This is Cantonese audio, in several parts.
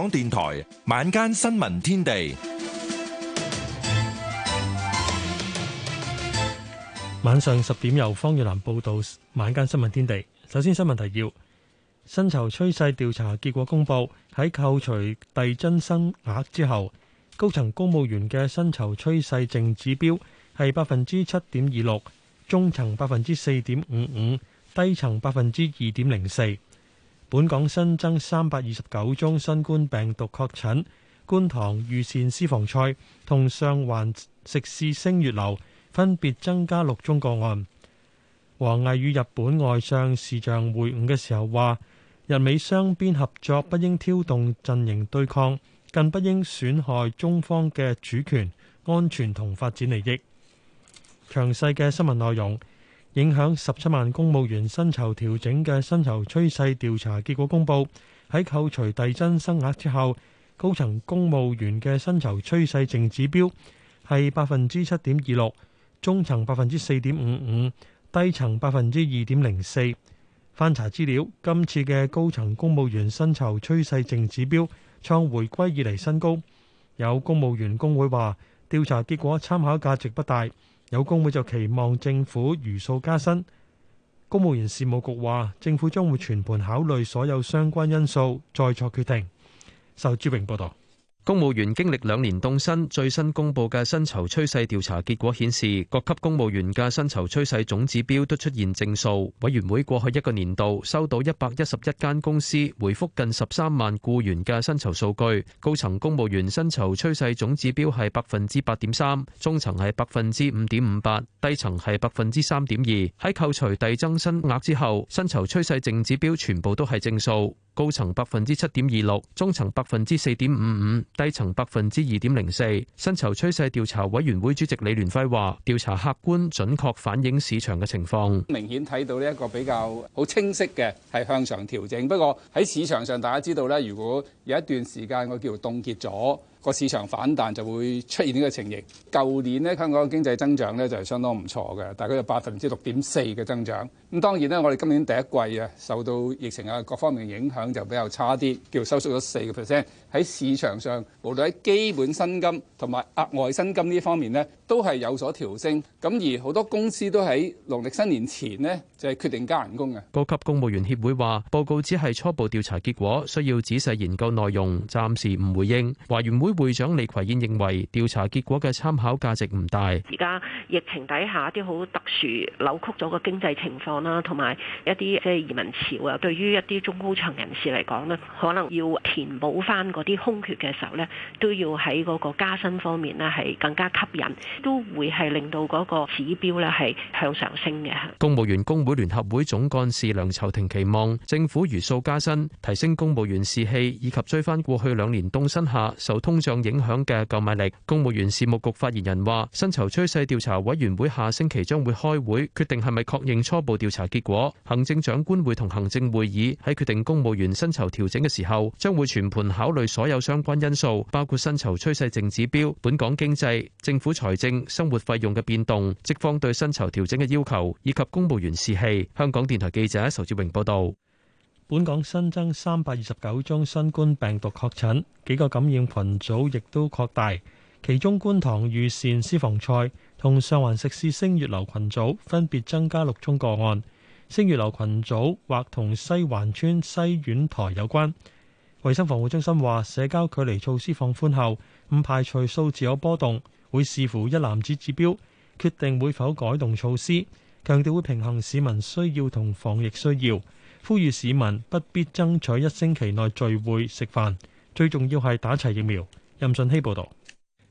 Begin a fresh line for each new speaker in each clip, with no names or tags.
港電台晚間新聞天地，
晚上十點由方玉蘭報道晚間新聞天地。首先新聞提要：薪酬趨勢調查結果公布，喺扣除遞增薪額之後，高層公務員嘅薪酬趨勢淨指標係百分之七點二六，中層百分之四點五五，低層百分之二點零四。本港新增三百二十九宗新冠病毒確診，觀塘御膳私房菜同上環食肆星月樓分別增加六宗個案。王毅與日本外相視像會晤嘅時候話，日美雙邊合作不應挑動陣營對抗，更不應損害中方嘅主權安全同發展利益。詳細嘅新聞內容。影響十七萬公務員薪酬調整嘅薪酬趨勢調查結果公布，喺扣除遞增薪額之後，高層公務員嘅薪酬趨勢淨指標係百分之七點二六，中層百分之四點五五，低層百分之二點零四。翻查資料，今次嘅高層公務員薪酬趨勢淨指標創回歸以嚟新高。有公務員工會話，調查結果參考價值不大。有工會就期望政府如數加薪。公務員事務局話，政府將會全盤考慮所有相關因素，再作決定。受朱榮報道。公
務員經歷兩年凍薪，最新公布嘅薪酬趨勢調查結果顯示，各級公務員嘅薪酬趨勢總指標都出現正數。委員會過去一個年度收到一百一十一間公司回復，近十三萬僱員嘅薪酬數據，高層公務員薪酬趨勢總指標係百分之八點三，中層係百分之五點五八，低層係百分之三點二。喺扣除遞增薪額之後，薪酬趨勢淨指標全部都係正數。高層百分之七點二六，中層百分之四點五五，低層百分之二點零四。薪酬趨勢調查委員會主席李聯輝話，調查客觀準確反映市場嘅情況，
明顯睇到呢一個比較好清晰嘅係向上調整。不過喺市場上，大家知道呢，如果有一段時間我叫做凍結咗個市場反彈就會出現呢個情形。舊年呢，香港嘅經濟增長呢就係相當唔錯嘅，大概有百分之六點四嘅增長。咁當然呢，我哋今年第一季啊，受到疫情啊各方面影響，就比較差啲，叫收縮咗四個 percent。喺市場上，無論喺基本薪金同埋額外薪金呢方面呢，都係有所調升。咁而好多公司都喺農曆新年前呢，就係決定加人工嘅。
高級公務員協會話：報告只係初步調查結果，需要仔細研究內容，暫時唔回應。華員會會長李葵燕認為，調查結果嘅參考價值唔大。而
家疫情底下啲好特殊扭曲咗個經濟情況啦，同埋一啲即係移民潮啊，對於一啲中高層人士嚟講呢，可能要填補返個嗰啲空缺嘅時候咧，都要喺嗰個加薪方面咧，係更加吸引，都會係令到嗰個指標咧係向上升嘅。
公務員工會聯合會總幹事梁籌庭期望政府如數加薪，提升公務員士氣，以及追翻過去兩年凍薪下受通脹影響嘅購買力。公務員事務局發言人話：薪酬趨勢調查委員會下星期將會開會，決定係咪確認初步調查結果。行政長官會同行政會議喺決定公務員薪酬調整嘅時候，將會全盤考慮。所有相關因素，包括薪酬趨勢淨指標、本港經濟、政府財政、生活費用嘅變動、職方對薪酬調整嘅要求，以及公務員士氣。香港電台記者仇志榮報導。
本港新增三百二十九宗新冠病毒確診，幾個感染群組亦都擴大，其中觀塘裕善私房菜同上環食肆星月樓群組分別增加六宗個案，星月樓群組或同西環村西苑台有關。衞生防護中心話，社交距離措施放寬後，唔排除數字有波動，會視乎一籃子指標，決定會否改動措施。強調會平衡市民需要同防疫需要，呼籲市民不必爭取一星期內聚會食飯，最重要係打齊疫苗。
任信希報導。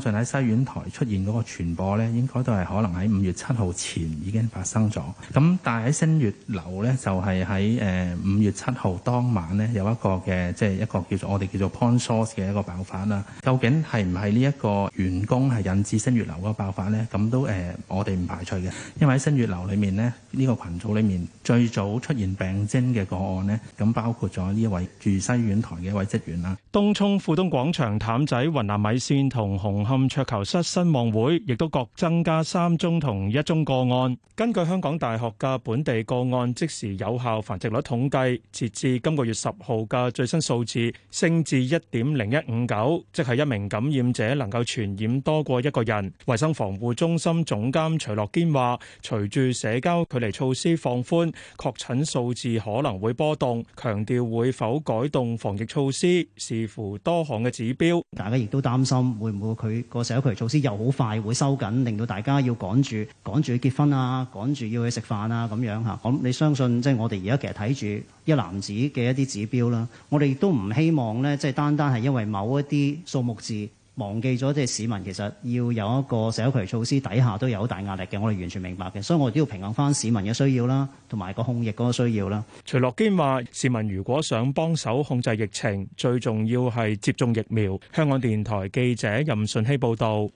相信喺西苑台出現嗰個傳播咧，應該都係可能喺五月七
號前已經發生咗。咁但係喺新月樓咧，就係喺誒五月七號當晚咧，有一個嘅，即係一個叫做我哋叫做 point source 嘅一個爆發啦。究竟係唔係呢一個員工係引致新月樓個爆發咧？咁都誒我哋唔排除嘅，因為喺新月樓裏面咧，呢個群組裏面最早出現病徵嘅個案咧，
咁包括咗呢一位住西苑台嘅一位職員啦。東涌富東廣場淡仔雲南米綫同紅。含桌球室新望會，亦都各增加三宗同一宗個案。根據香港大學嘅本地個案即時有效繁殖率統計，截至今個月十號嘅最新數字升至一點零一五九，即係一名感染者能夠傳染多過一個人。衛生防護中心總監徐樂堅話：隨住社交距離措施放寬，確診數字可能會波動，強調會否改動防疫措施，視乎多項嘅指標。大家亦都
擔心會唔會。佢個社區措施又好快會收緊，令到大家要趕住、趕住去結婚啊，趕住要去食飯啊咁樣吓。咁你相信即係、就是、我哋而家其實睇住一男子嘅一啲指標啦，我哋亦都唔希望咧，即、就、係、是、單單係因為某一啲數目字。忘記咗，即係市民其實要有一個社區措施底下都有好大壓力嘅，我哋完全明白嘅，所以我哋都要平衡翻市民嘅需要啦，同埋個控疫嗰個需要啦。徐樂堅話
市民如果想幫手控制疫情，最重要係接種疫苗。香港電台記者任順希報道，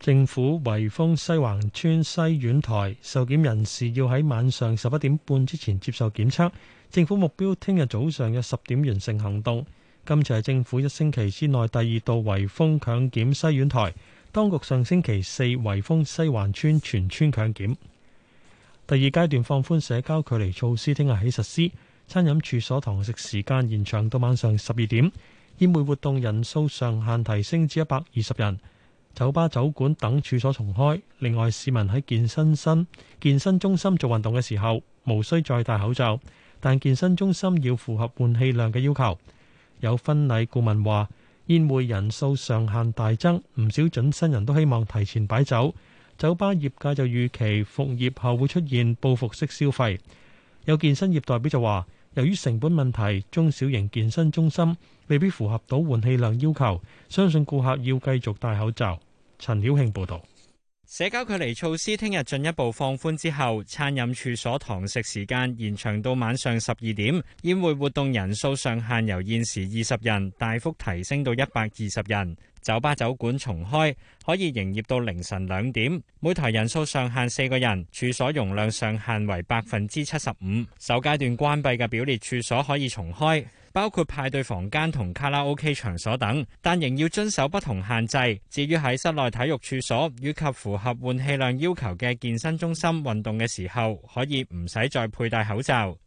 政府圍封西環邨西苑
台受檢人士要喺晚上十一點半之前接受檢測，政府目標聽日早上嘅十點完成行動。今次係政府一星期之內第二度圍封強檢西苑台。當局上星期四圍封西環村全村強檢。第二階段放寬社交距離措施，聽日起實施。餐飲處所堂食時間延長到晚上十二點，宴會活動人數上限提升至一百二十人。酒吧、酒館等處所重開。另外，市民喺健身身健身中心做運動嘅時候，無需再戴口罩，但健身中心要符合換氣量嘅要求。有婚禮顧問話，宴會人數上限大增，唔少準新人都希望提前擺酒。酒吧業界就預期復業後會出現報復式消費。有健身業代表就話，由於成本問題，中小型健身中心未必符合到換氣量要求，相信顧客要繼續戴口罩。陳曉慶報導。
社交距離措施聽日進一步放寬之後，餐飲處所堂食時間延長到晚上十二點，宴會活動人數上限由現時二十人大幅提升到一百二十人。酒吧酒館重開可以營業到凌晨兩點，每台人數上限四個人，處所容量上限為百分之七十五。首階段關閉嘅表列處所可以重開。包括派對房間同卡拉 OK 場所等，但仍要遵守不同限制。至於喺室內體育處所，以及符合換氣量要求嘅健身中心運動嘅時候，可以唔使再佩戴口罩。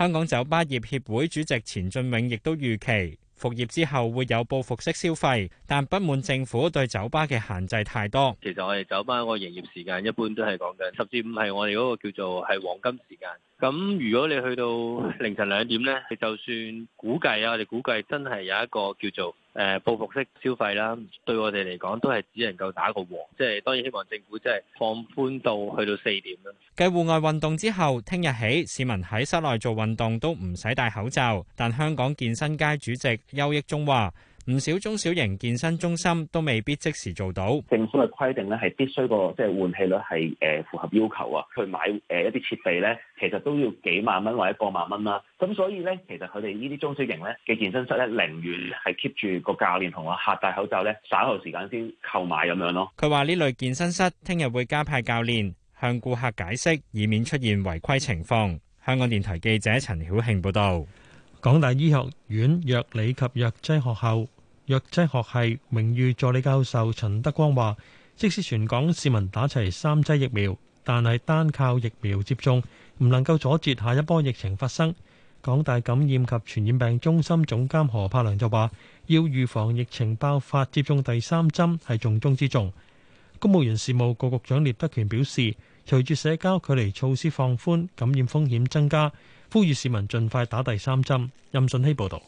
香港酒吧業協會主席錢俊永亦都預期復業之後會有報復式消費，但不滿政府對酒吧嘅限制太多。其實我哋酒吧個營業時間一般都係講緊十至五，係我哋嗰個叫做係黃金時間。咁如果你去到凌晨兩點咧，你就算估計啊，我哋估計真係有一個叫做誒報復式消費啦，對我哋嚟講都係只能夠打個和，即係當然希望
政府即係放寬到去到四點啦。
繼戶外運動之後，聽日起市民喺室內做運動都唔使戴口罩，但香港健身界主席邱益忠話。唔少中小型健身中心都未必即時做到。
政府嘅規定咧，係必須個即係換氣率係誒符合要求啊。去買誒一啲設備咧，其實都要幾萬蚊或者過萬蚊啦。咁所以咧，其實佢哋呢啲中小型咧嘅健身室咧，寧願係 keep 住個教練同個客戴口罩咧，稍後時間先購買咁樣咯。
佢話呢類健身室聽日會加派教練向顧客解釋，以免出現違規情況。香港
電台記者陳曉慶報道。港大醫學院藥理及藥劑學校藥劑學系名譽助理教授陳德光話：，即使全港市民打齊三劑疫苗，但係單靠疫苗接種唔能夠阻截下一波疫情發生。港大感染及傳染病中心總監何柏良就話：，要預防疫情爆發，接種第三針係重中之重。公務員事務局局長聶德權表示：，隨住社交距離措施放寬，感染風險增加。呼籲市民盡快打第三針。任信希報導，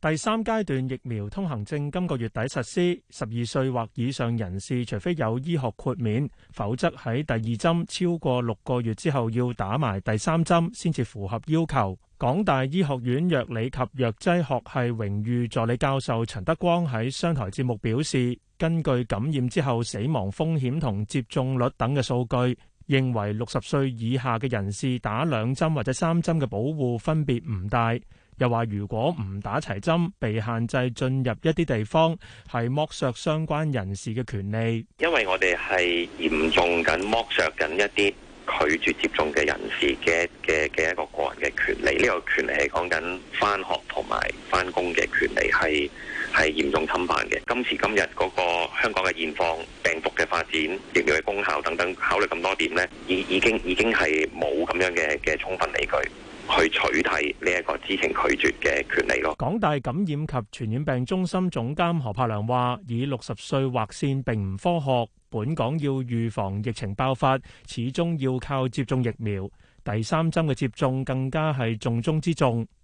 第三階段疫苗通行證今個月底實施，十二歲或以上人士，除非有醫學豁免，否則喺第二針超過六個月之後要打埋第三針，先至符合要求。港大醫學院藥理及藥劑學系榮譽助理教授陳德光喺商台節目表示，根據感染之後死亡風險同接種率等嘅數據。認為六十歲以下嘅人士打兩針或者三針嘅保護分別唔大，又話如果唔打齊針，被限制進入一啲地方係剝削相關人士嘅權利。
因為我哋係嚴重緊剝削緊一啲拒絕接種嘅人士嘅嘅嘅一個個人嘅權利，呢、這個權利係講緊返學同埋返工嘅權利係。係嚴重侵犯嘅。今時今日嗰個香港嘅現況、病毒嘅發展、疫苗嘅功效等等，考慮咁多點呢，已已經已經係冇咁樣嘅嘅充分理據
去取締呢一個知情拒絕嘅權利咯。
港大感染及傳染病中心總監何柏良話，以六十歲劃線並唔科學。本港要預防疫情爆發，始終要靠接種疫苗，第三針嘅接種更加係重中之重。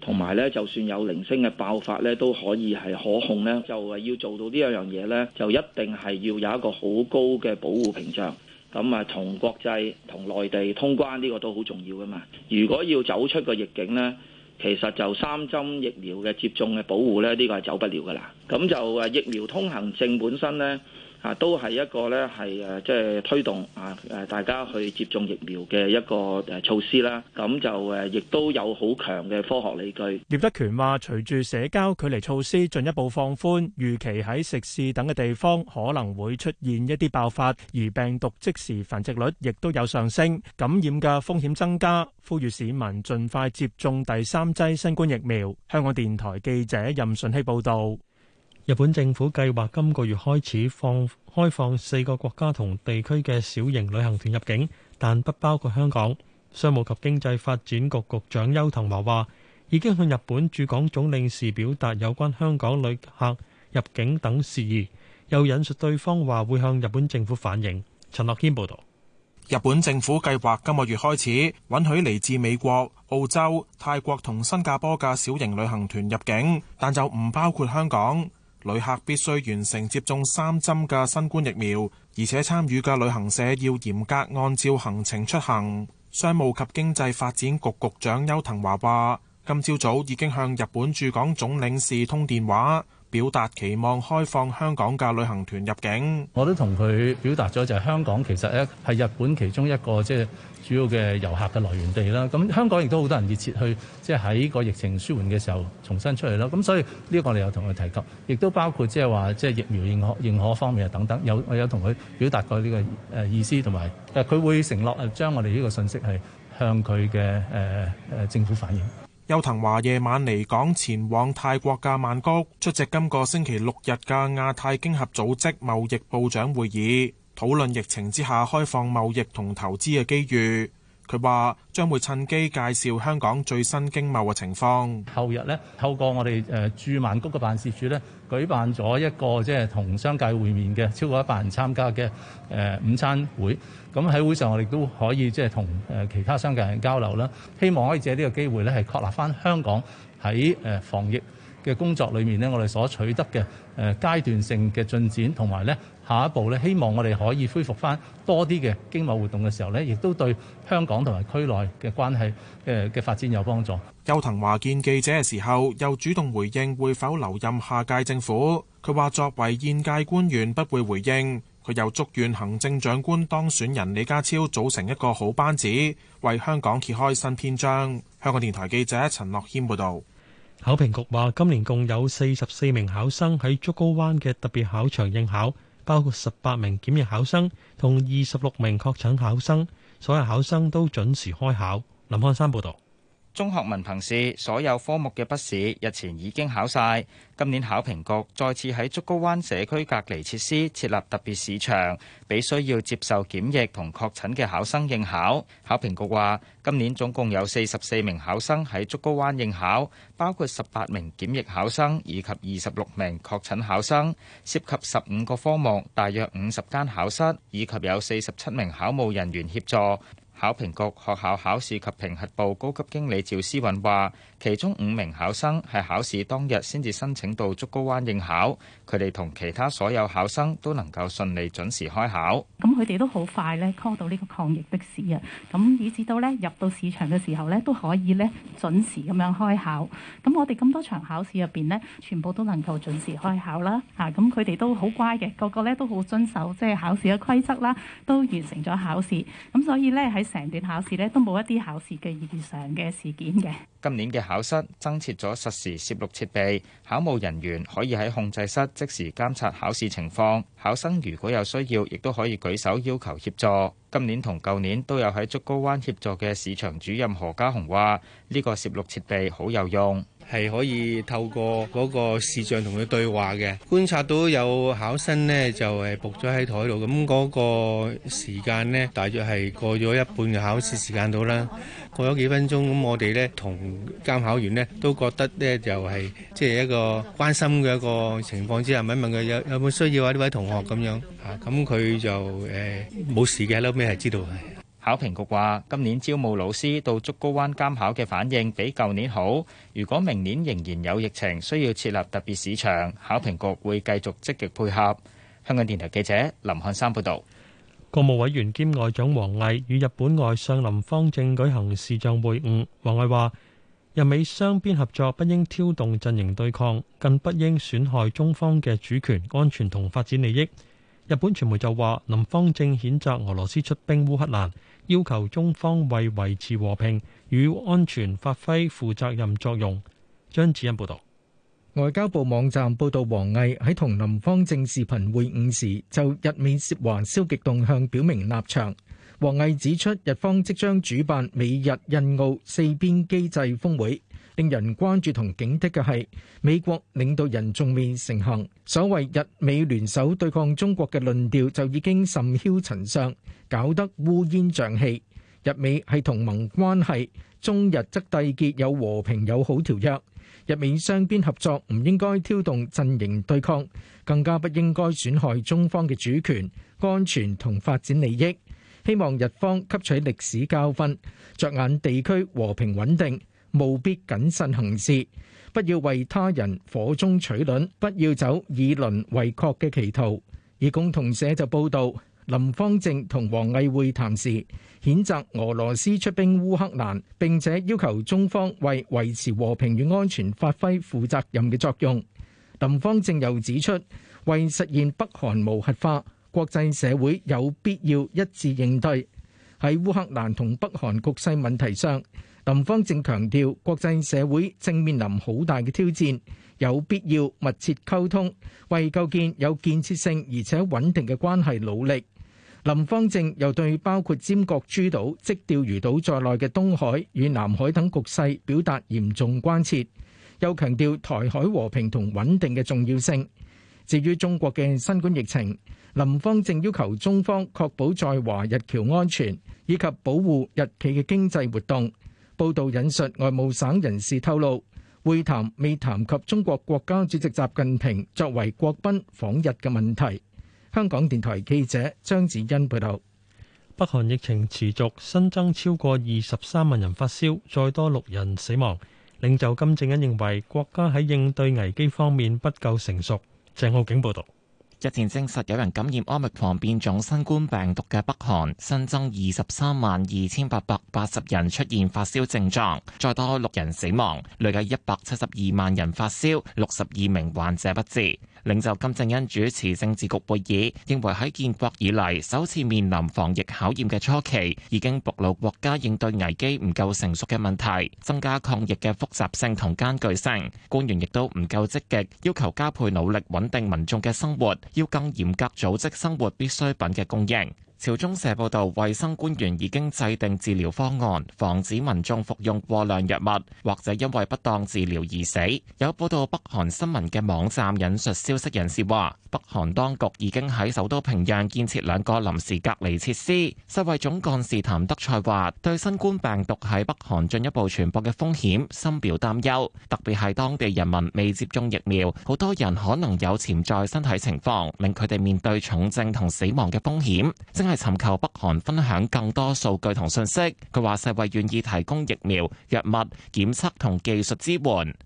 同埋咧，就算有零星嘅爆發咧，都可以係可控咧。就係要做到樣呢兩樣嘢咧，就一定係要有一個好高嘅保護屏障。咁啊，同國際、同內地通關呢、這個都好重要噶嘛。如果要走出個疫境咧，其實就三針疫苗嘅接種嘅保護咧，呢、這個係走不了噶啦。咁就啊，疫苗通行證本身咧，都係一個咧，係誒，即係推動啊誒，大家去接種疫苗嘅一個誒措施啦。咁就誒，亦都有好強嘅科學理據。葉德權話，隨住社交距離措施進一步放寬，預期喺食肆等嘅地方可能會出現一啲爆發，而病毒即時繁殖率亦都有上升，感染嘅風險增加。呼籲市民盡快接種第三劑新冠疫苗。香港電台記者任順希報導。
日本政府計劃今個月開始放開放四個國家同地區嘅小型旅行團入境，但不包括香港。商務及經濟發展局局長邱騰華話：已經向日本駐港總領事表達有關香港旅客入境等事宜，又引述對方話會向
日本政府反映。陳樂軒報導。日本政府計劃今個月開始允許嚟自美國、澳洲、泰國同新加坡嘅小型旅行團入境，但就唔包括香港。旅客必須完成接種三針嘅新冠疫苗，而且參與嘅旅行社要嚴格按照行程出行。商務及經濟發展局局長邱騰華話：今朝早已經向日本駐港總領事通電話，表達期望開放香港嘅旅行團入境。我都同佢表達咗，就係香港其實咧係日本其中一個即係。就係主要嘅遊客嘅來
源地啦，咁香港亦都好多人熱切去，即係喺個疫情舒緩嘅時候重新出嚟啦。咁所以呢個我哋有同佢提及，亦都包括即係話即係疫苗認可認可方面啊等等，有我有同佢表達過呢個誒意思同埋，誒佢會承諾誒將我哋呢個信息係向佢嘅誒誒政府反映。
邱騰華夜晚離港前往泰國嘅曼谷出席今個星期六日嘅亞太經合組織貿易部長會議。討論疫情之下開放貿易同投資嘅機遇，佢話將會趁機介紹香港最新經貿嘅情況。後日呢，透過我哋誒駐曼谷嘅辦事處呢，舉辦咗一個即係同商界會面嘅超過一百人參
加嘅誒、呃、午餐會，咁喺會上我哋都可以即係同誒其他商界人交流啦。希望可以借呢個機會呢，係確立返香港喺誒防疫嘅工作裏面呢，我哋所取得嘅誒階段性嘅進展同埋呢。下一步呢，希望我哋可以恢復翻多啲嘅經貿活動嘅時候呢，亦都對香港同埋區內
嘅關係誒嘅發展有幫助。邱騰華見記者嘅時候，又主動回應會否留任下屆政府。佢話作為現屆官員不會回應，佢又祝願行政長官當選人李家超組成一個好班子，為香港揭開新篇章。香港電台記者陳樂謙報道。
考評局話今年共有四十四名考生喺竹篙灣嘅特別考場應考。包括十八名檢疫考生同二十六名確診考生，所有考生都準時開考。林漢山報道。
中學文憑試所有科目嘅筆試日前已經考晒。今年考評局再次喺竹篙灣社區隔離設施設立特別試場，俾需要接受檢疫同確診嘅考生應考。考評局話，今年總共有四十四名考生喺竹篙灣應考，包括十八名檢疫考生以及二十六名確診考生，涉及十五個科目，大約五十間考室，以及有四十七名考務人員協助。考評局、學校考試及評核部高級經理趙思韻話。其中五名考生係考試當日先至申請到竹篙灣應考，佢哋同其他所有考生都能夠順利準時開考。
咁佢哋都好快咧 call 到呢個抗疫的士啊！咁以至到咧入到市場嘅時候咧，都可以咧準時咁樣開考。咁我哋咁多場考試入邊咧，全部都能夠準時開考啦。嚇，咁佢哋都好乖嘅，個個咧都好遵守即係考試嘅規則啦，都完成咗考試，咁所以咧喺成段考試咧都冇一啲考試嘅異常嘅事件嘅。
今年嘅考考室增設咗實時攝錄設備，考務人員可以喺控制室即時監察考試情況。考生如果有需要，亦都可以舉手要求協助。今年同舊年都有喺竹篙灣協助嘅市場主任何家雄話：呢、這個攝錄設備好有用。係可以透過嗰個視像同佢對話嘅，
觀察到有考生呢就係伏咗喺台度，咁嗰個時間呢大約係過咗一半嘅考試時間到啦，過咗幾分鐘，咁我哋呢同監考員呢都覺得呢就係即係一個關心嘅一個情況之下，問問佢有有冇需要啊？呢位同學咁樣，嚇咁佢
就誒冇事嘅，後尾係知道嘅。考評局話：今年招募老師到竹篙灣監考嘅反應比舊年好。如果明年仍然有疫情，需要設立特別市場，考評局會繼續積極配合。香港電台記者林漢山報道。
國務委員兼外長王毅與日本外相林芳正舉行視像會晤。王毅話：日美雙邊合作不應挑動陣營對抗，更不應損害中方嘅主權、安全同發展利益。日本傳媒就話：林芳正譴責俄羅斯出兵烏克蘭。要求中方為維持和平與安全發揮負責任作用。張子欣報導。
外交部網站報導，王毅喺同林芳正視頻會晤時，就日美涉華消極動向表明立場。王毅指出，日方即將主辦美日印澳四邊機制峰會。令人關注同警惕嘅係美國領導人仲未成行，所謂日美聯手對抗中國嘅論調就已經甚囂塵上，搞得烏煙瘴氣。日美係同盟關係，中日則締結有和平友好條約。日美雙邊合作唔應該挑動陣營對抗，更加不應該損害中方嘅主權、安全同發展利益。希望日方吸取歷史教訓，着眼地區和平穩定。務必謹慎行事，不要為他人火中取栗，不要走以鄰為壑嘅歧途。而共同社就報導，林芳正同王毅會談時，譴責俄羅斯出兵烏克蘭，並且要求中方為維持和平與安全發揮負責任嘅作用。林芳正又指出，為實現北韓無核化，國際社會有必要一致應對。喺烏克蘭同北韓局勢問題上，林方正強調，國際社會正面臨好大嘅挑戰，有必要密切溝通，為構建有建設性而且穩定嘅關係努力。林方正又對包括尖閣諸島、即釣魚島在內嘅東海與南海等局勢表達嚴重關切，又強調台海和平同穩定嘅重要性。至於中國嘅新冠疫情，林方正要求中方確保在華日僑安全，以及保護日企嘅經濟活動。報道引述外務省人士透露，會談未談及中國國家主席習近平作為國賓訪日嘅問題。香港電台記者張子欣報道。
北韓疫情持續，新增超過二十三萬人發燒，再多六人死亡。領袖金正恩認為國家喺應對危機方面不夠成熟。鄭浩景報導。
日前證實有人感染奧密克戎變種新冠病毒嘅北韓，新增二十三萬二千八百八十人出現發燒症狀，再多六人死亡，累計一百七十二萬人發燒，六十二名患者不治。領袖金正恩主持政治局會議，認為喺建國以嚟首次面臨防疫考驗嘅初期，已經暴露國家應對危機唔夠成熟嘅問題，增加抗疫嘅複雜性同艱巨性。官員亦都唔夠積極，要求加倍努力穩定民眾嘅生活，要更嚴格組織生活必需品嘅供應。朝中社報道，衛生官員已經制定治療方案，防止民眾服用過量藥物或者因為不當治療而死。有報道北韓新聞嘅網站引述消息人士話，北韓當局已經喺首都平壤建設兩個臨時隔離設施。世衛總幹事譚德塞話：對新冠病毒喺北韓進一步傳播嘅風險深表擔憂，特別係當地人民未接種疫苗，好多人可能有潛在身體情況，令佢哋面對重症同死亡嘅風險。都係尋求北韓分享更多數據同信息。佢話世衛願意提供疫苗、藥物、檢測同技術支援。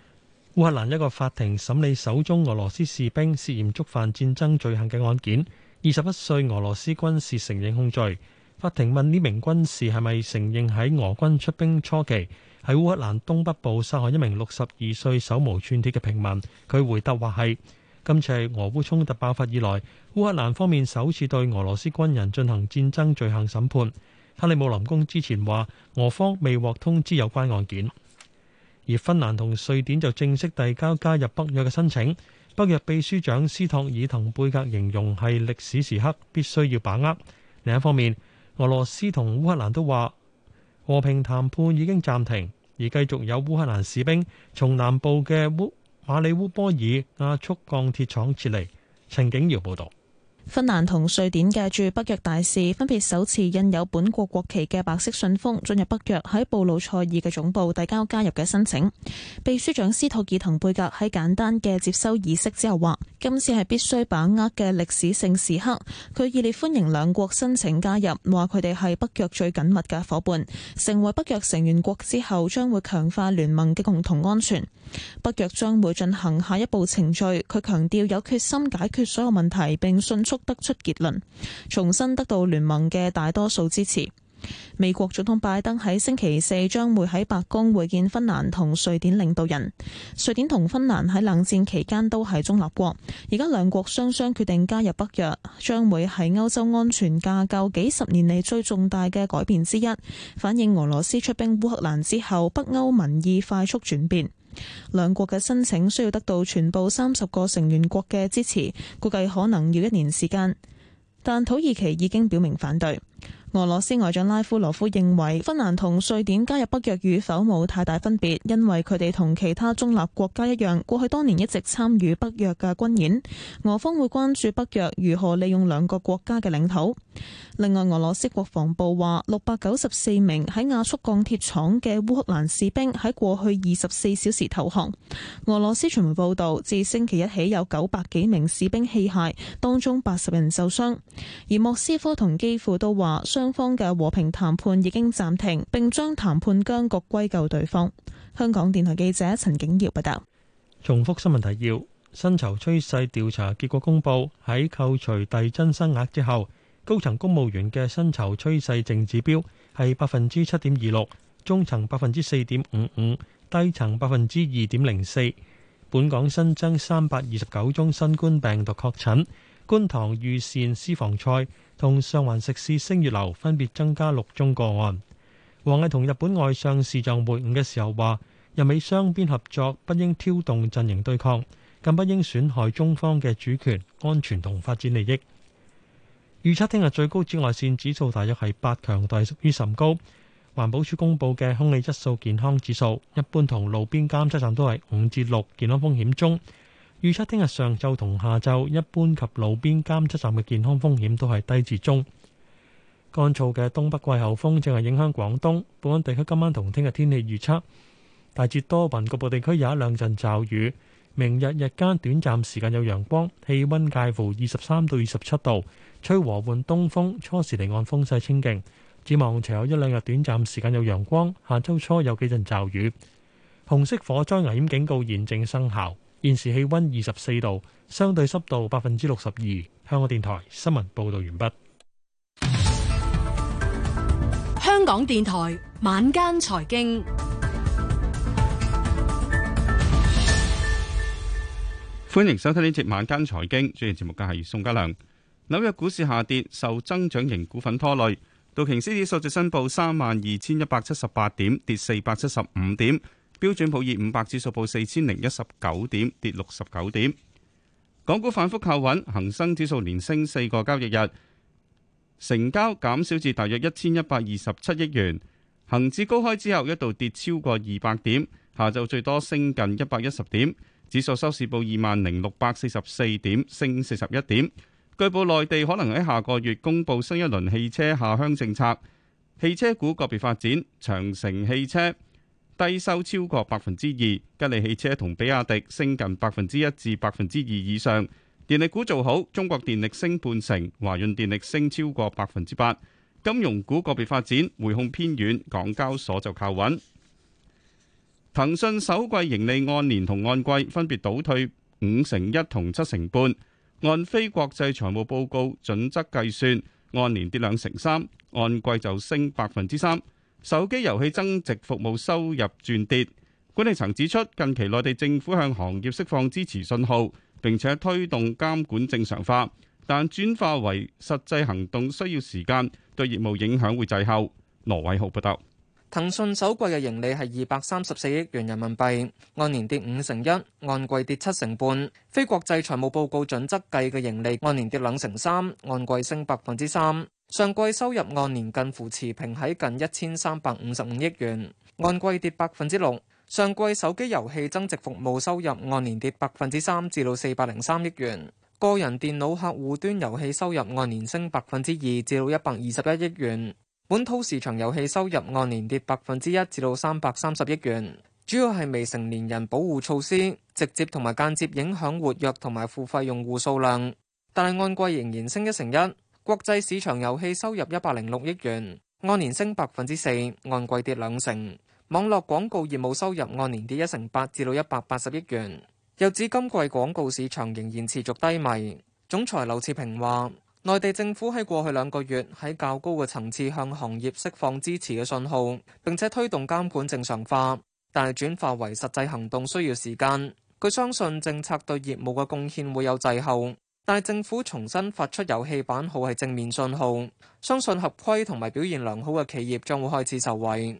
烏克蘭一個法庭審理手中俄羅斯士兵涉嫌觸犯戰爭罪行嘅案件，二十一歲俄羅斯軍士承認控罪。法庭問呢名軍士係咪承認喺俄軍出兵初期喺烏克蘭東北部殺害一名六十二歲手無寸鐵嘅平民，佢回答話係。今次係俄烏衝突爆發以來，烏克蘭方面首次對俄羅斯軍人進行戰爭罪行審判。克里姆林宮之前話俄方未獲通知有關案件。而芬蘭同瑞典就正式遞交加入北約嘅申請，北約秘書長斯托爾滕貝格形容係歷史時刻，必須要把握。另一方面，俄羅斯同烏克蘭都話和平談判已經暫停，而繼續有烏克蘭士兵從南部嘅烏馬里烏波爾亞速鋼鐵廠撤離。陳景堯報道。
芬蘭同瑞典嘅駐北約大使分別手持印有本國國旗嘅白色信封，進入北約喺布魯塞爾嘅總部遞交加入嘅申請。秘書長斯托爾滕貝格喺簡單嘅接收儀式之後話，今次係必須把握嘅歷史性時刻。佢熱烈歡迎兩國申請加入，話佢哋係北約最緊密嘅夥伴。成為北約成員國之後，將會強化聯盟嘅共同安全。北約將會進行下一步程序。佢強調有決心解決所有問題並信速得出結論，重新得到聯盟嘅大多數支持。美國總統拜登喺星期四將會喺白宮會見芬蘭同瑞典領導人。瑞典同芬蘭喺冷戰期間都係中立國，而家兩國雙雙決定加入北約，將會係歐洲安全架構幾十年嚟最重大嘅改變之一，反映俄羅斯出兵烏克蘭之後北歐民意快速轉變。兩國嘅申請需要得到全部三十個成員國嘅支持，估計可能要一年時間。但土耳其已經表明反對。俄羅斯外長拉夫羅夫認為，芬蘭同瑞典加入北約與否冇太大分別，因為佢哋同其他中立國家一樣，過去多年一直參與北約嘅軍演。俄方會關注北約如何利用兩個國家嘅領土。另外，俄羅斯國防部話，六百九十四名喺亞速鋼鐵廠嘅烏克蘭士兵喺過去二十四小時投降。俄羅斯傳媒報道，自星期一起有九百幾名士兵棄械，當中八十人受傷。而莫斯科同基輔都話，雙方嘅和平談判已經暫停，並將談判僵局歸咎對方。香港電台記者陳景耀報道：
「重複新聞提要：薪酬趨勢調查結果公布，喺扣除遞增薪額之後，高層公務員嘅薪酬趨勢淨指標係百分之七點二六，中層百分之四點五五，低層百分之二點零四。本港新增三百二十九宗新冠病毒確診。觀塘御膳私房菜同上環食肆星月樓分別增加六宗個案。王毅同日本外相視像會晤嘅時候話，日美雙邊合作不應挑動陣營對抗，更不應損害中方嘅主權、安全同發展利益。預測聽日最高紫外線指數大約係八，強度屬於甚高。環保署公布嘅空氣質素健康指數，一般同路邊監測站都係五至六，健康風險中。預測聽日上晝同下晝，一般及路邊監測站嘅健康風險都係低至中。乾燥嘅東北季候風正係影響廣東。本港地區今晚同聽日天氣預測大致多雲，局部地區有一兩陣驟雨。明日日間短暫時間有陽光，氣温介乎二十三到二十七度，吹和緩東風，初時離岸風勢清勁。展望隨有一兩日短暫時間有陽光，下週初有幾陣驟雨。紅色火災危險警告現正生效。現時氣溫二十四度，相對濕度百分之六十二。香港電台新聞報道完畢。
香港電台晚間財經，經，
歡迎收聽呢節晚間財經。主持節目嘅係宋家良。紐約股市下跌，受增長型股份拖累。道瓊斯指數最新報三萬二千一百七十八點，跌四百七十五點。標準普爾五百指數報四千零一十九點，跌六十九點。港股反復靠穩，恒生指數連升四個交易日，成交減少至大約一千一百二十七億元。恒指高開之後一度跌超過二百點，下晝最多升近一百一十點，指數收市報二萬零六百四十四點，升四十一點。據報內地可能喺下個月公布新一輪汽車下鄉政策，汽車股個別發展，長城汽車。低收超過百分之二，吉利汽車同比亞迪升近百分之一至百分之二以上。電力股做好，中國電力升半成，華潤電力升超過百分之八。金融股個別發展，匯控偏軟，港交所就靠穩。騰訊首季盈利按年同按季分別倒退五成一同七成半，按非國際財務報告準則計算，按年跌兩成三，按季就升百分之三。手機遊戲增值服務收入轉跌，管理層指出，近期內地政府向行業釋放支持信號，並且推動監管正常化，但轉化為實際行動需要時間，對業務影響會滯後。羅偉浩報道，
騰訊首季嘅盈利係二百三十四億元人民幣，按年跌五成一，按季跌七成半。非國際財務報告準則計嘅盈利按年跌兩成三，按季升百分之三。上季收入按年近乎持平喺近一千三百五十五億元，按季跌百分之六。上季手機遊戲增值服務收入按年跌百分之三至到四百零三億元，個人電腦客戶端遊戲收入按年升百分之二至到一百二十一億元。本土市場遊戲收入按年跌百分之一至到三百三十億元，主要係未成年人保護措施直接同埋間接影響活躍同埋付費用戶數量，但係按季仍然升一成一。國際市場遊戲收入一百零六億元，按年升百分之四，按季跌兩成。網絡廣告業務收入按年跌一成八，至到一百八十億元。又指今季廣告市場仍然持續低迷。總裁劉熾平話：內地政府喺過去兩個月喺較高嘅層次向行業釋放支持嘅信號，並且推動監管正常化，但係轉化為實際行動需要時間。佢相信政策對業務嘅貢獻會有滯後。但係政府重新發出遊戲版號係正面信號，相信合規同埋表現良好嘅企業將會開始受惠。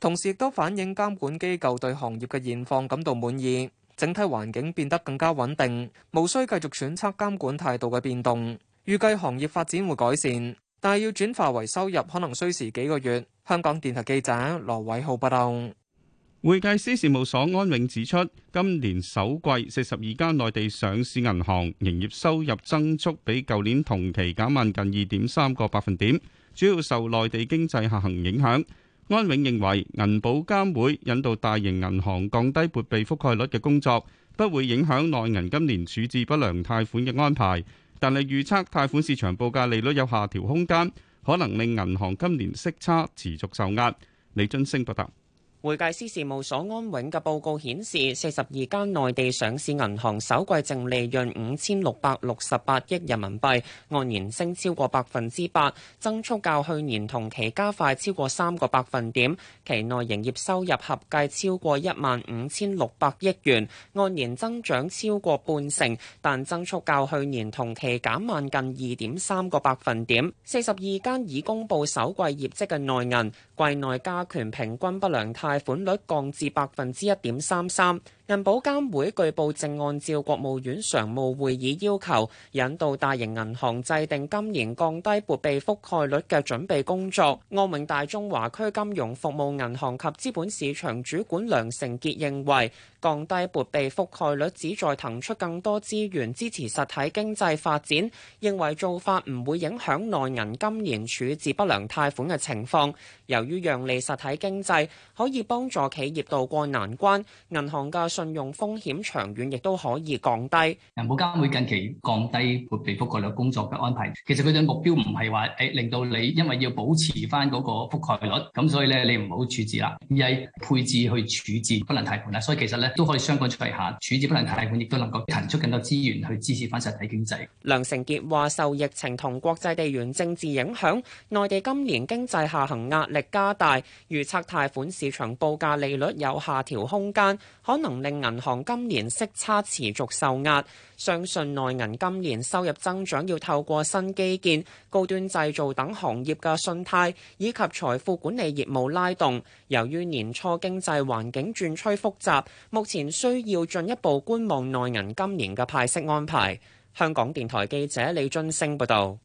同時亦都反映監管機構對行業嘅現況感到滿意，整體環境變得更加穩定，無需繼續揣測監管態度嘅變動。預計行業發展會改善，但係要轉化為收入可能需時幾個月。香港電台記者羅偉浩報導。
會計師事務所安永指出，今年首季四十二間內地上市銀行營業收入增速比舊年同期減慢近二點三個百分點，主要受內地經濟下行影響。安永認為，銀保監會引導大型銀行降低撥備覆蓋率嘅工作，不會影響內銀今年處置不良貸款嘅安排，但係預測貸款市場報價利率有下調空間，可能令銀行今年息差持續受壓。李津升報道。
會計師事務所安永嘅報告顯示，四十二間內地上市銀行首季淨利潤五千六百六十八億人民幣，按年升超過百分之八，增速較去年同期加快超過三個百分點。期內營業收入合計超過一萬五千六百億元，按年增長超過半成，但增速較去年同期減慢近二點三個百分點。四十二間已公布首季業績嘅內銀，季內加權平均不良貸款率降至百分之一點三三，銀保監會據報正按照國務院常務會議要求，引導大型銀行制定今年降低撥備覆蓋率嘅準備工作。安永大中華區金融服務銀行及資本市場主管梁成杰認為，降低撥備覆蓋率旨在騰出更多資源支持實體經濟發展，認為做法唔會影響內銀今年處置不良貸款嘅情況。由於讓利實體經濟可以。幫助企業渡過難關，銀行嘅信用風險長遠亦都可以降低。
銀保監會近期降低撥備覆蓋率工作嘅安排，其實佢嘅目標唔係話誒令到你因為要保持返嗰個覆蓋率，咁所以呢你唔好處置啦，而係配置去處置不能貸款啦。所以其實呢都可以相雙管齊下，處置不能貸款亦都能夠騰出更多資源去支持返實體經濟。
梁成杰話：受疫情同國際地緣政治影響，內地今年經濟下行壓力加大，預測貸款市場。報價利率有下調空間，可能令銀行今年息差持續受壓。相信內銀今年收入增長要透過新基建、高端製造等行業嘅信貸以及財富管理業務拉動。由於年初經濟環境轉趨複雜，目前需要進一步觀望內銀今年嘅派息安排。香港電台記者李俊升報道。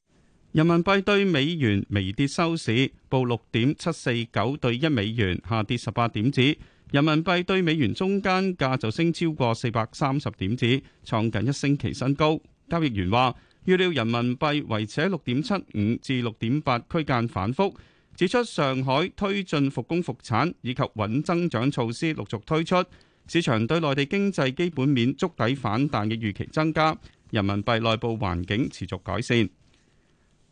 人民幣對美元微跌收市，報六點七四九對一美元，下跌十八點子。人民幣對美元中間價就升超過四百三十點子，創近一星期新高。交易員話預料人民幣維持喺六點七五至六點八區間反覆，指出上海推進復工復產以及穩增長措施陸續推出，市場對內地經濟基本面觸底反彈嘅預期增加，人民幣內部環境持續改善。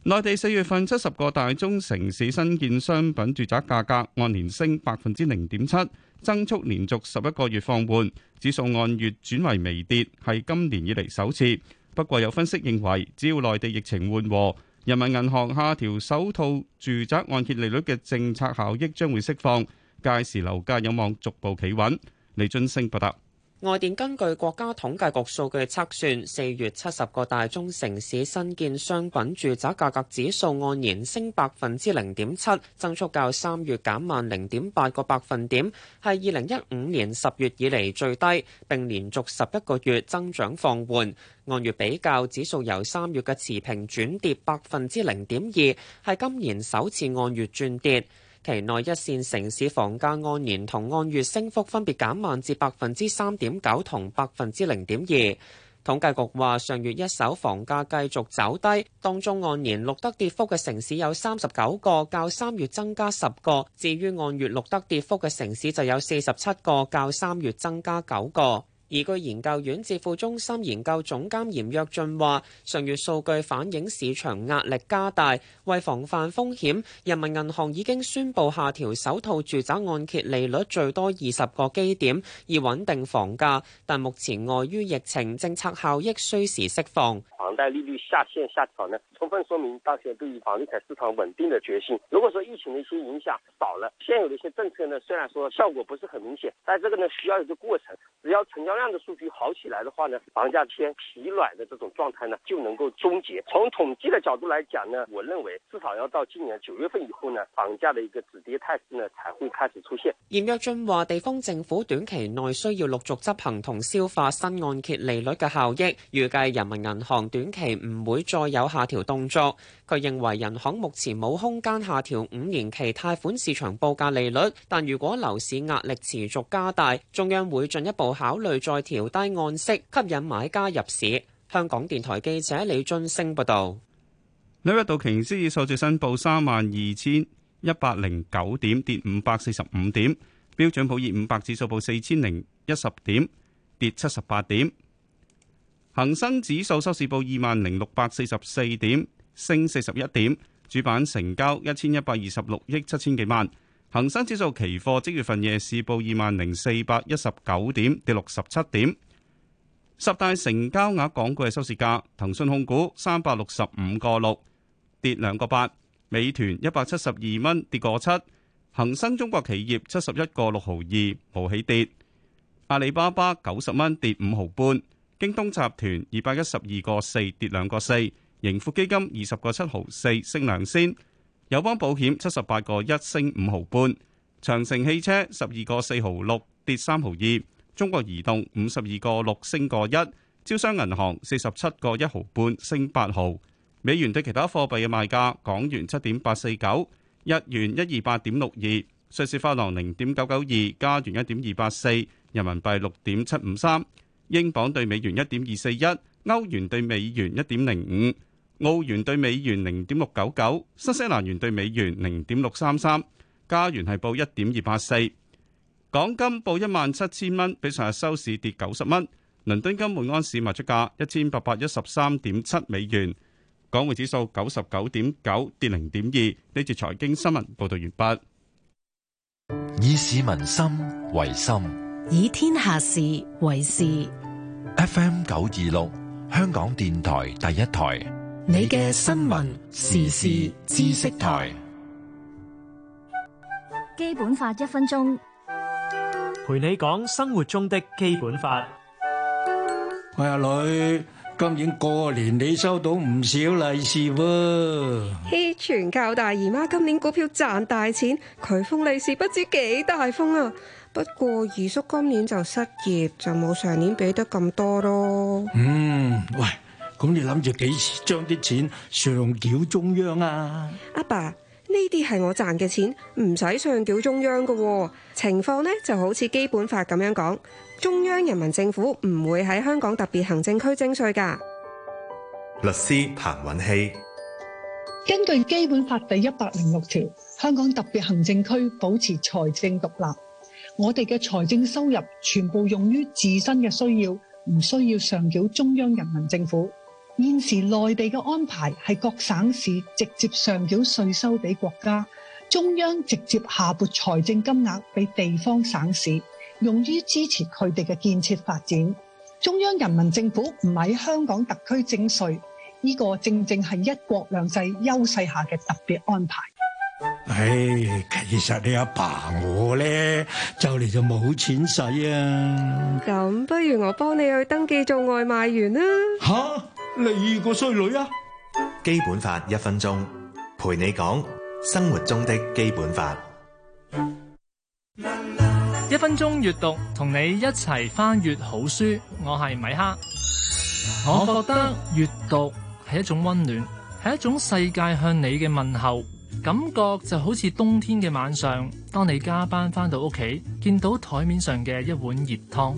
內地四月份七十個大中城市新建商品住宅價格按年升百分之零點七，增速連續十一個月放緩，指數按月轉為微跌，係今年以嚟首次。不過有分析認為，只要內地疫情緩和，人民銀行下調首套住宅按揭利率嘅政策效益將會釋放，屆時樓價有望逐步企穩。李俊升報道。
外電根據國家統計局數據測算，四月七十個大中城市新建商品住宅價格指數按年升百分之零點七，增速較三月減慢零點八個百分點，係二零一五年十月以嚟最低，並連續十一個月增長放緩。按月比較，指數由三月嘅持平轉跌百分之零點二，係今年首次按月轉跌。期內一線城市房價按年同按月升幅分別減慢至百分之三點九同百分之零點二。統計局話，上月一手房價繼續走低，當中按年錄得跌幅嘅城市有三十九個，較三月增加十個；至於按月錄得跌幅嘅城市就有四十七個，較三月增加九個。而據研究院智庫中心研究總監嚴躍進話：上月數據反映市場壓力加大，為防範風險，人民銀行已經宣布下調首套住宅按揭利率最多二十個基點，以穩定房價。但目前礙於疫情，政策效益需時釋放。
房貸利率下限下調呢，充分說明當局對於房地產市場穩定的決心。如果說疫情的一些影響少了，現有的一些政策呢，雖然說效果不是很明顯，但這個呢需要一個過程，只要成交量這樣的數據好起來的話呢，房價偏疲軟的這種狀態呢就能夠終結。從統計的角度來講呢，我認為至少要到今年九月份以後呢，房價的一個止跌態勢呢才會開
始出現。嚴躍進話，地方政府短期內需要陸續執行同消化新按揭利率嘅效益，預計人民銀行短期唔會再有下調動作。佢認為人行目前冇空間下調五年期貸款市場報價利率，但如果樓市壓力持續加大，中央會進一步考慮再調低按息，吸引買家入市。香港電台記者李俊星報導：
紐約道瓊斯指數最新報三萬二千一百零九點，跌五百四十五點；標準普爾五百指數報四千零一十點，跌七十八點；恒生指數收市報二萬零六百四十四點。升四十一點，主板成交一千一百二十六億七千幾萬。恒生指數期貨即月份夜市報二萬零四百一十九點，跌六十七點。十大成交額港股嘅收市價：騰訊控股三百六十五個六跌兩個八，美團一百七十二蚊跌個七，恒生中國企業七十一個六毫二冇起跌，阿里巴巴九十蚊跌五毫半，京東集團二百一十二個四跌兩個四。盈富基金二十個七毫四升兩先，友邦保險七十八個一升五毫半，長城汽車十二個四毫六跌三毫二，中國移動五十二個六升個一，招商銀行四十七個一毫半升八毫。美元對其他貨幣嘅賣價，港元七點八四九，日元一二八點六二，瑞士法郎零點九九二，加元一點二八四，人民幣六點七五三，英鎊對美元一點二四一，歐元對美元一點零五。澳元兌美元零點六九九，新西蘭元兌美元零點六三三，加元係報一點二八四。港金報一萬七千蚊，比上日收市跌九十蚊。倫敦金每安士賣出價一千八百一十三點七美元。港匯指數九十九點九跌零點二。呢節財經新聞報道完畢。以市民心為心，
以天下事為事。
FM 九二六，香港電台第一台。
你嘅新聞時事
知識台，
基本法
一分鐘，
陪你講生活中的基本法。我阿女，今年過年你收到唔少利是喎。
嘿，全靠大姨媽今年股票賺大錢，佢封利是不知幾大風啊！不過二叔今年就失業，就冇上年俾得咁多咯。
嗯，喂。咁你諗住幾時將啲錢上繳
中央啊？阿爸，爸，呢啲係我賺嘅錢，唔使上繳中央噶情況呢就好似基本法咁樣講，中央人民政府唔會喺香港特別行政區徵稅噶
律師彭允希，
根據基本法第一百零六條，香港特別行政區保持財政獨立，我哋嘅財政收入全部用於自身嘅需要，唔需要上繳中央人民政府。現時內地嘅安排係各省市直接上繳稅收俾國家，中央直接下撥財政金額俾地方省市，用於支持佢哋嘅建設發展。中央人民政府唔喺香港特區徵稅，呢個正正係一國兩制優勢下嘅特別安排。
唉，其實你阿爸我呢，就嚟就冇錢使啊！
咁不如我幫你去
登記做外賣員啦。嚇！你個衰女啊！基本法一
分鐘，陪你講生活中的基本法。
一分鐘閱讀，同你一齊翻閱好書。我係米哈。我覺得閱讀係一種溫暖，係一種世界向你嘅問候。感覺就好似冬天嘅晚上，當你加班返到屋企，見到台面上嘅一碗熱湯。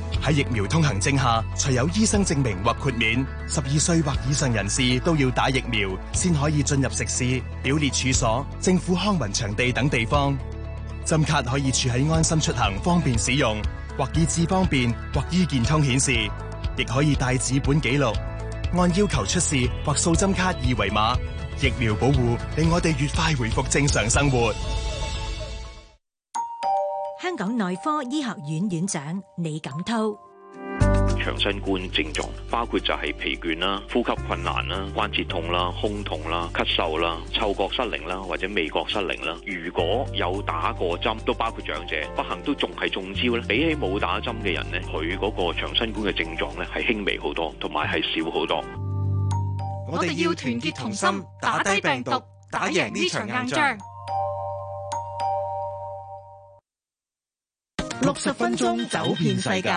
喺疫苗通行證下，除有醫生證明或豁免，十二歲或以上人士都要打疫苗，先可以進入食肆、表列處所、政府康文場地等地方。針卡可以儲喺安心出行，方便使用，或智方便，或醫健通顯示，亦可以帶紙本記錄，按要求出示或掃針卡二維碼。疫苗保護令我哋越快回復正常生活。
香港內科醫學院院長李錦濤，
長新冠症狀包括就係疲倦啦、呼吸困難啦、關節痛啦、胸痛啦、咳嗽啦、嗅覺失靈啦或者味覺失靈啦。如果有打過針，都包括長者，不幸都仲係中招咧。比起冇打針嘅人咧，佢嗰個長新冠嘅症狀咧係輕微好多，同埋係少好多。
我哋
要團結同心，同心打低病毒，打贏呢場硬仗。
六十分鐘走遍世
界。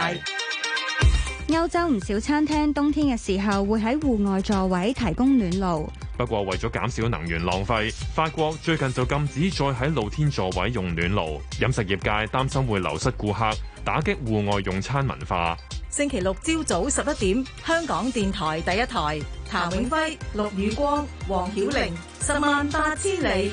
歐洲唔少餐廳冬天嘅時候會喺戶外座位提供暖爐。不過為咗減少能源浪費，法國最近就禁止再喺露天座位用暖爐。飲食業界擔心會流失顧客，打擊戶外用餐文化。
星期六朝早十一點，香港電台第一台，譚永輝、陸宇光、黃曉玲，十萬八千里。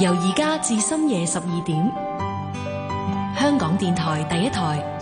由而家至深夜十二點，香港電台第一台。